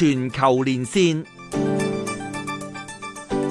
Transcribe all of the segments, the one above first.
全球連線，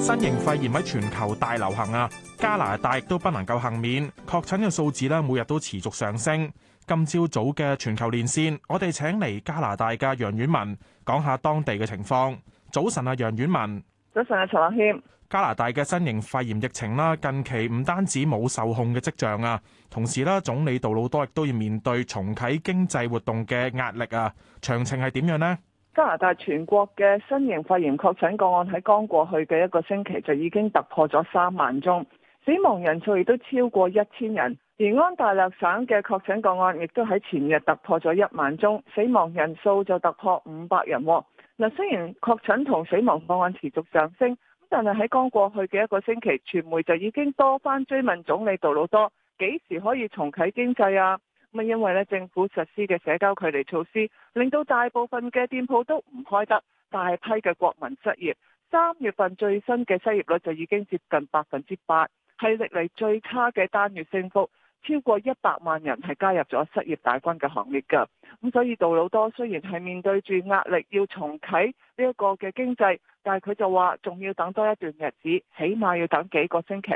新型肺炎喺全球大流行啊！加拿大亦都不能夠幸免，確診嘅數字呢，每日都持續上升。今朝早嘅全球連線，我哋請嚟加拿大嘅楊婉文講下當地嘅情況。早晨啊，楊婉文。早晨啊，陳樂謙。加拿大嘅新型肺炎疫情啦，近期唔單止冇受控嘅跡象啊，同時咧，總理杜魯多亦都要面對重啟經濟活動嘅壓力啊。詳情係點樣呢？加拿大全國嘅新型肺炎確診個案喺剛過去嘅一個星期就已經突破咗三萬宗，死亡人數亦都超過一千人。而安大略省嘅確診個案亦都喺前日突破咗一萬宗，死亡人數就突破五百人。嗱，雖然確診同死亡個案持續上升，但係喺剛過去嘅一個星期，傳媒就已經多番追問總理杜魯多幾時可以重啟經濟啊。咁因為咧，政府實施嘅社交距離措施，令到大部分嘅店鋪都唔開得，大批嘅國民失業。三月份最新嘅失業率就已經接近百分之八，係歷嚟最差嘅單月升幅，超過一百萬人係加入咗失業大軍嘅行列㗎。咁所以杜魯多雖然係面對住壓力要重啟呢一個嘅經濟，但係佢就話仲要等多一段日子，起碼要等幾個星期。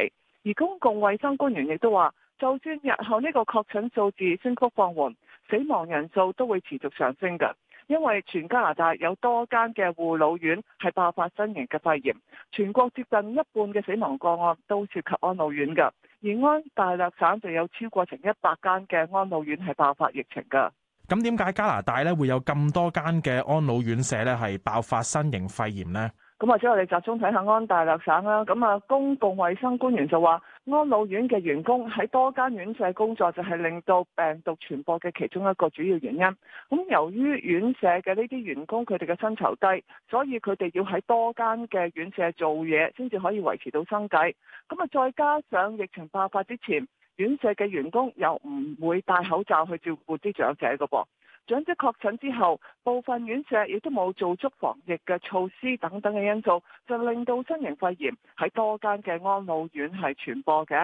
而公共衛生官員亦都話，就算日後呢個確診數字升幅放緩，死亡人數都會持續上升嘅，因為全加拿大有多間嘅護老院係爆發新型嘅肺炎，全國接近一半嘅死亡個案都涉及安老院噶，而安大略省就有超過成一百間嘅安老院係爆發疫情噶。咁點解加拿大咧會有咁多間嘅安老院舍咧係爆發新型肺炎呢？咁或者我哋集中睇下安大略省啦。咁啊，公共衛生官員就話，安老院嘅員工喺多間院舍工作就係令到病毒傳播嘅其中一個主要原因。咁由於院舍嘅呢啲員工佢哋嘅薪酬低，所以佢哋要喺多間嘅院舍做嘢先至可以維持到生計。咁啊，再加上疫情爆發之前，院舍嘅員工又唔會戴口罩去照顧啲長者嘅噃。長者確診之後，部分院舍亦都冇做足防疫嘅措施等等嘅因素，就令到新型肺炎喺多間嘅安老院係傳播嘅。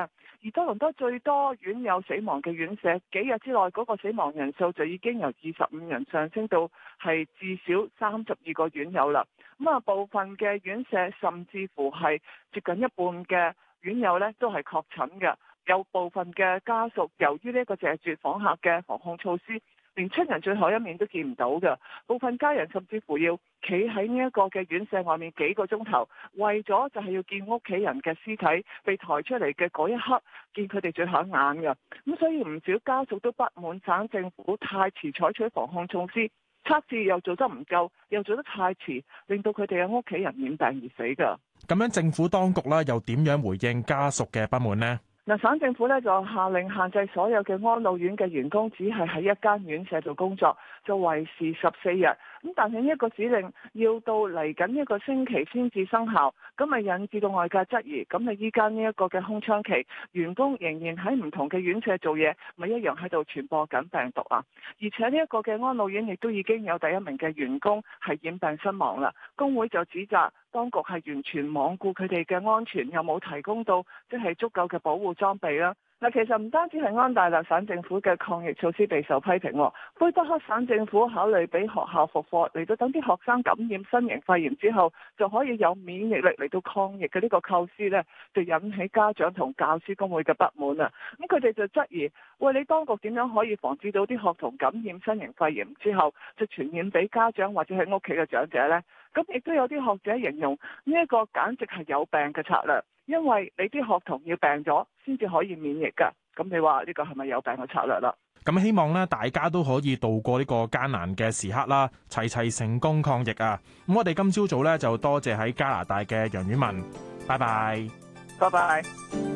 而多倫多最多院友死亡嘅院舍，幾日之內嗰個死亡人數就已經由二十五人上升到係至少三十二個院友啦。咁啊，部分嘅院舍甚至乎係接近一半嘅院友呢都係確診嘅，有部分嘅家屬由於呢一個謝絕訪客嘅防控措施。連親人最後一面都見唔到㗎，部分家人甚至乎要企喺呢一個嘅院舍外面幾個鐘頭，為咗就係要見屋企人嘅屍體被抬出嚟嘅嗰一刻，見佢哋最後一眼㗎。咁所以唔少家屬都不滿省政府太遲採取防控措施，測試又做得唔夠，又做得太遲，令到佢哋嘅屋企人染病而死㗎。咁樣政府當局啦，又點樣回應家屬嘅不滿呢？省政府咧就下令限制所有嘅安老院嘅員工，只係喺一間院舍度工作，就維持十四日。咁但係呢一個指令要到嚟緊一個星期先至生效，咁咪引致到外界質疑。咁你依家呢一個嘅空窗期，員工仍然喺唔同嘅院舍做嘢，咪一樣喺度傳播緊病毒啊！而且呢一個嘅安老院亦都已經有第一名嘅員工係染病身亡啦，工會就指責，當局係完全罔顧佢哋嘅安全，又冇提供到即係足夠嘅保護裝備啦。嗱，其實唔單止係安大略省政府嘅抗疫措施備受批評喎，魁北克省政府考慮俾學校復課，嚟到等啲學生感染新型肺炎之後就可以有免疫力嚟到抗疫嘅呢個構思呢，就引起家長同教師公會嘅不滿啊。咁佢哋就質疑：喂，你當局點樣可以防止到啲學童感染新型肺炎之後，就傳染俾家長或者係屋企嘅長者呢？」咁亦都有啲學者形容呢一個簡直係有病嘅策略，因為你啲學童要病咗先至可以免疫噶，咁你話呢個係咪有病嘅策略啦？咁希望咧大家都可以度過呢個艱難嘅時刻啦，齊齊成功抗疫啊！咁我哋今朝早咧就多謝喺加拿大嘅楊婉文，拜拜，拜拜。